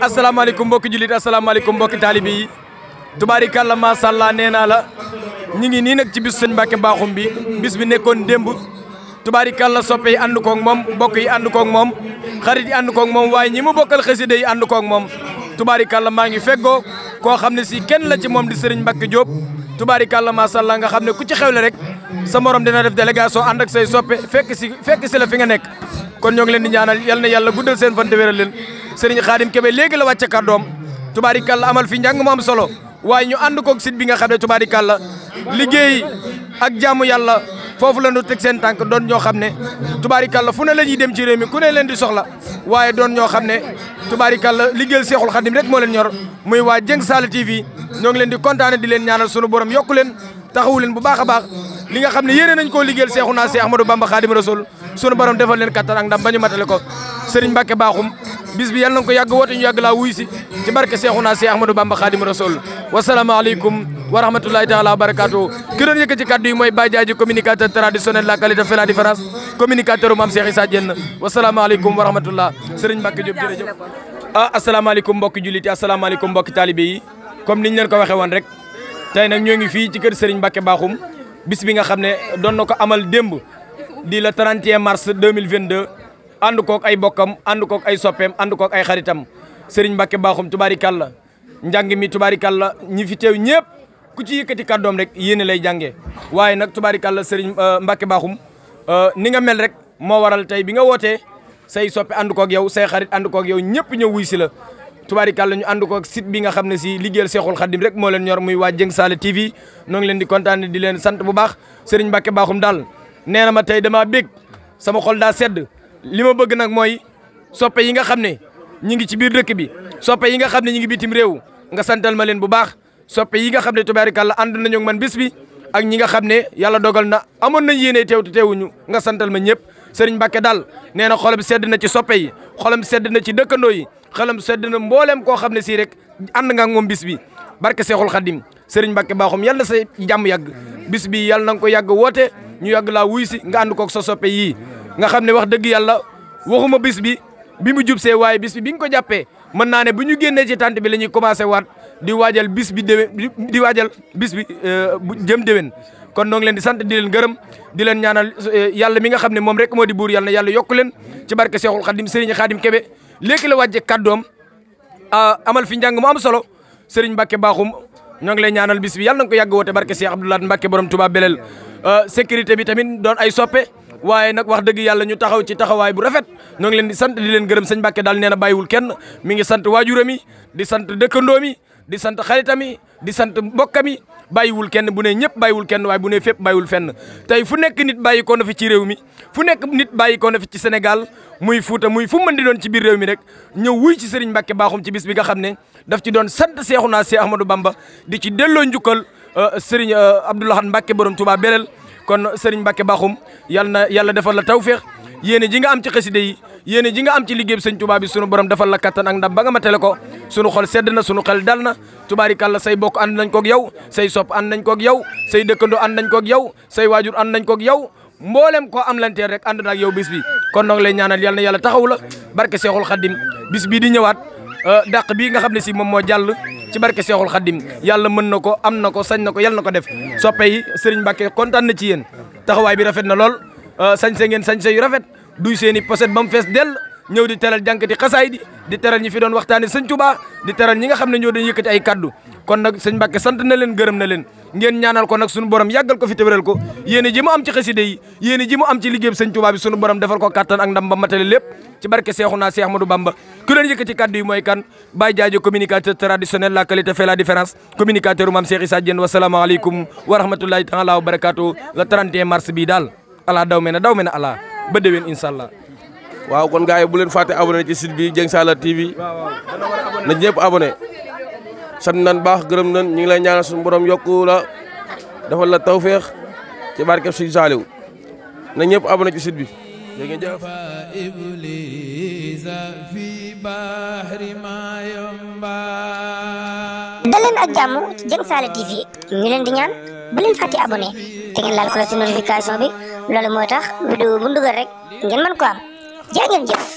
asalaamaaleykum mbokki jullit asalaamaaleykum mbokki taalibe yi tubaarikàlla macha allah nee naa la ñu ngi nii nag ci bis sëñ Mbàkke Baaxum bi bis bi nekkoon démb tubaarikàlla soppe yi ànd koog moom mbokk yi ànd koog moom xarit yi ànd koog moom waaye ñi mu bokkal xasida yi ànd koog moom tubaarikàlla maa ngi feggoo koo xam ne si kenn la ci moom di sëriñ Mbàkke Jóob tubaarikàlla macha allah nga xam ne ku ci xewle rek sa morom dina def délégation ànd ak say soppe fekk si fekk si nekk kon ñoo leen di ñaanal yal na yàlla guddal seen fan te wéral Serigne Khadim Kebe léegi la wàcce kàddoom tubaarikàlla amal fi njàng mu am solo waaye ñu ànd koog site bi nga xam ne tubaarikàlla liggéey ak jaamu yàlla foofu la ñu teg seen tànk doon ñoo xam ne tubaarikàlla fu ne la ñuy dem ci réew mi ku ne leen di soxla waaye doon ñoo xam ne tubaarikàlla liggéeyal Seexul Xadim rek moo leen ñor muy waa Dieng Saala TV ñoo ngi leen di kontaane di leen ñaanal sunu borom yokk leen taxawu leen bu baax a baax li nga xam ne yéene nañ koo liggéeyal Seexu naa Seex Ahmadou Bamba Xadim Rasul sunu borom defal leen kattan ak ndam ba ñu matale ko Serigne Mbacke Bakhoum bis bi yàlla na ko yàgg woote ñu yàgg laa wuy si ci barke Seexuna Si Ahmadou Bamba Xaadimu Rasuul wasalaamaaleykum wa rahmatullahi taala wa barakatuh ki doon yëkkati kaddu yi mooy Baye Diadji communicateur traditionnel la qualité fait la différence communicateur Mame Cheikh Issa Diène wasalaamaaleykum wa rahmatullah Serigne Mbacke Diop jërëjëf ah asalaamaaleykum mbokki jullit yi asalaamaaleykum mbokki taalibé yi comme leen ko waxee woon rek tey nag ñoo ngi fii ci kër Serigne Mbacke Bakhoum bis bi nga xam ne doon na ko amal démb di le mille mars 2022 ànd kook ay bokkam ànd kook ay soppeem ànd kook ay xaritam Serigne Mbacke Bakhoum tubaarikàlla njàng mi tubaarikàlla ñi fi teew ñëpp ku ci kàddoom rek yéene lay jàngee waaye nag tubaarikàlla Serigne euh, Mbacke Bakhoum euh, ni nga mel rek moo waral tey bi nga wootee say soppe ànd kook yow say xarit ànd kook yow ñëpp ñëw wuy si la tubaarikàlla ñu ànd kook site bi xam ne si liggéeyal Seexul Xadim rek moo leen ñor muy waa Dieng Saala TV noo ngi leen di kontaan di leen sant bu baax Serigne Mbacke Bakhoum daal nee na ma tey damaa bég sama xol daa sedd li ma bëgg nag mooy soppe yi nga xam ne ñi ngi ci biir dëkk bi soppe yi nga xam ne ñi ngi bitim réew nga santal ma leen bu baax soppe yi nga xam ne tubaarikàlla ànd nañu man bis bi ak ñi nga xam ne yàlla dogal na amoon na yéene teew te teewuñu nga santal ma ñëpp sëriñ Mbacke daal nee na xolam sedd na ci soppe yi xolam sedd na ci dëkkandoo yi xolam sedd na mbooleem koo xam ne si rek ànd nga ak moom bi barke Seexul Xadim sëriñ Mbacke baaxum yàlla na sa jàmm yàgg bis bi ko yàgg woote ñu yàgg laa wuy si nga ànd kook sa soppe yii nga xam ne wax dëgg yàlla waxuma bis bi bi mu jub see waaye bis bi bi nga ko jàppee mën naa ne bu ñu génnee ci tànt bi la ñuy commencé waat di waajal bis bi déwén di waajal bis bi euh, jëm déwén kon noo ngi leen di sant di leen gërëm di leen ñaanal euh, yàlla mi nga xam ne moom rek moo di buur yàlla na yàlla yokku leen ci barke Seexul Xadim Serigne Xadim Kebe léegi la wàcce kàddoom euh, amal fi njàng mu am solo Serigne Mbacke Bakhoum ñoo ngi lay ñaanal bis bi yàlla na ko yàgg woote barke Cheikh Abdoulaye Mbacke Euh, sécurité bi tamit doon ay soppe waaye nag wax dëgg yàlla ñu taxaw ci taxawaay bu rafet ñoo ngi leen di sant di leen gërëm sëñ Mbàkke daal nee bay bàyyiwul kenn mi ngi sant waajuram yi di sant dëkkandoom yi di sant xaritam yi di sant mbokkam yi bàyyiwul kenn bu ne ñëpp bàyyiwul kenn waaye bu ne fépp bàyyiwul fenn tey fu nekk nit bàyyi ko na fi ci réew mi fu nekk nit bàyyi ko na fi ci Sénégal muy Fuuta muy fu mën di doon ci biir réew mi rek ñëw wuy ci Serigne Mbacke baaxum ci bis bi nga xam ne daf ci doon sant Seexuna Seex Ahmadou Bamba di ci delloo Euh, Serigne euh, Abdou Lahad mbake borom Touba Belel kon Serigne mbake Bakhoum yal na yàlla defal la tawféex yéene ji nga am ci xaside yi yéene ji nga am ci liggéey Sëñ Touba bi sunu borom defal la kattan ak ndam ba nga matale ko sunu xol sedd na sunu xel dal na tubaarikàlla say bokk ànd nañ koog yow say sopp ànd nañ koog yow say dëkkandoo and nañ koog yow say waajur ànd nañ koog yow mboolem ko am lanteel rek ànd na ak yow bis bi kon noo ngi lay ñaanal yal na yàlla taxaw la barke Seexul di ñëwaat Euh, dàq bii nga xam ne si moom moo jàll ci barke Seexul Xaddim yàlla mën na ko am na ko sañ na ko yàlla na ko def soppe yi bakke kontaan na ci yéen taxawaay bi rafet na lool euh, sañse ngeen sañse yu rafet duy seen i poset ba mu fees dell ñëw di teral jànkati xasaay di di teral ñi fi doon waxtaane sëñ Tuubaa di teral ñi nga xam ne ñoo doon yëkkati ay kaddu kon nag sëñ Mbacké sant na leen gërëm na leen ngeen ñaanal ko nag sunu borom yàggal ko fi tëbëral ko yéen ji mu am ci mu am ci liggéey sëñ Tuubaa bi borom defal ko kattan ak ndam ba matale lépp ci barke Seexuna Seex Ahmadu Bamba ku leen yëkkati kàddu yi mooy kan Baye Diadio communicateur traditionnel la qualité fait la différence communicateur u maam Cheikh Issa Diène wasalaamaaleykum wa rahmatulahi taala wa barakaatu le 31 mars bii daal ala daw me na daw me na ala ba déwén incha waaw kon gars yi bu leen fàtte abonné ci site bi Dieng Saala TV na ñëpp abonné sant nan baax gërëm nan ñu ngi lay ñaanal suñu borom yokku la dafa la tawféex ci barkeb suñu saaliw na ñëpp abonné ci site bi jërë ngeen jëf daleen ak jàmm ci Dieng Saala TV ñu leen di ñaan bu leen fàtte abonné te ngeen laal ko ci notification bi loolu mooy tax vidéo bu ndugal rek ngeen mën ko am jaa ngeen jëf